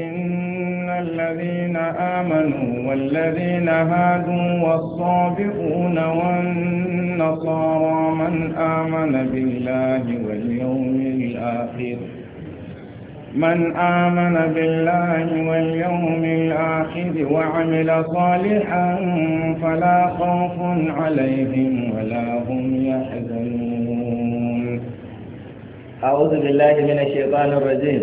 إن الذين آمنوا والذين هادوا والصابئون والنصارى من آمن بالله واليوم الآخر من آمن بالله واليوم الآخر وعمل صالحا فلا خوف عليهم ولا هم يحزنون أعوذ بالله من الشيطان الرجيم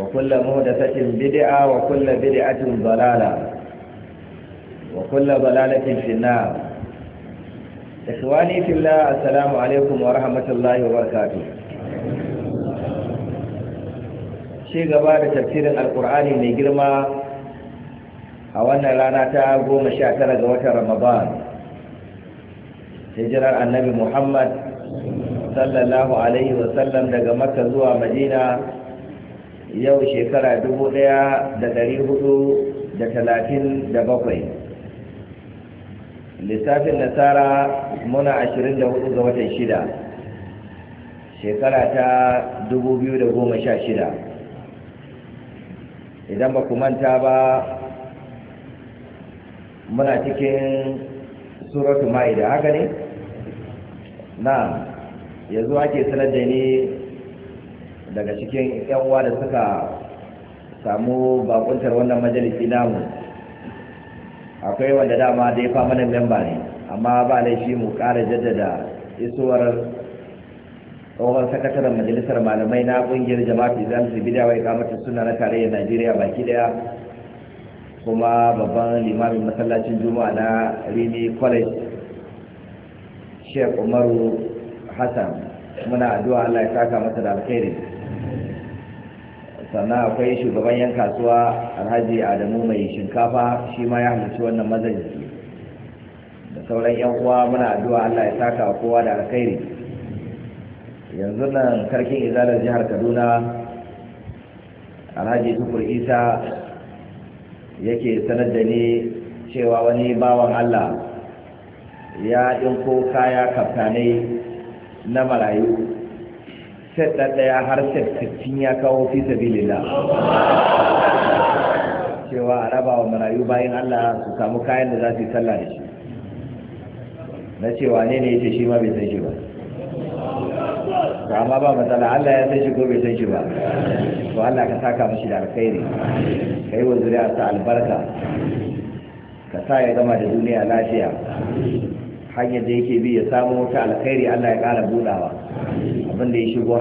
وكل مهدثة بدعة وكل بدعة ضلالة وكل ضلالة في النار إخواني في الله السلام عليكم ورحمة الله وبركاته شيء قبل تفسير القرآن من جرمى a wannan rana ta goma sha tara ga watan ramadan hijirar annabi muhammad sallallahu alaihi wasallam daga makka zuwa madina yau shekara dubu ɗaya da ɗari hudu da talatin da bakwai lissafin nasara muna ashirin da hudu ga watan shida shekara ta dubu biyu da goma sha shida idan ba ku manta ba muna cikin suratu ma'ida haka ne na yanzu ake sanar da ni daga cikin yan uwa da suka samu bakuntar wannan majalisi namu akwai wanda dama da ya fa mana memba ne amma ba laifi mu kara jaddada isuwar tsohon sakataren majalisar malamai na kungiyar jama'a islam su bidawa ya kamata suna na tarayyar najeriya baki daya kuma babban limamin masallacin juma'a na rini college sheikh umaru hassan muna addu'a allah ya saka masa da alkhairi sannan akwai shugaban yan kasuwa alhaji adamu mai shinkafa shi ma ya halarci wannan mazaji da sauran yan uwa muna addu'a allah ya saka wa kowa da alkhairi yanzu nan karkin izalar jihar kaduna alhaji tukur isa yake sanar da ni cewa wani bawan allah ya ɗinko kaya kaftanai na marayu set ɗaya har set ya kawo fi da cewa a raba wa marayu bayan Allah su samu kayan da za su yi sallah da shi na cewa ne ne ce shi ma bai san shi ba to amma ba matsala Allah ya san shi ko bai san shi ba to Allah ka saka mashi da alkhairi kai wa zuriya ta albarka ka sa ya gama da duniya lafiya hanyar da yake bi ya samu wata alkhairi Allah ya kara budawa Abinda ya shigo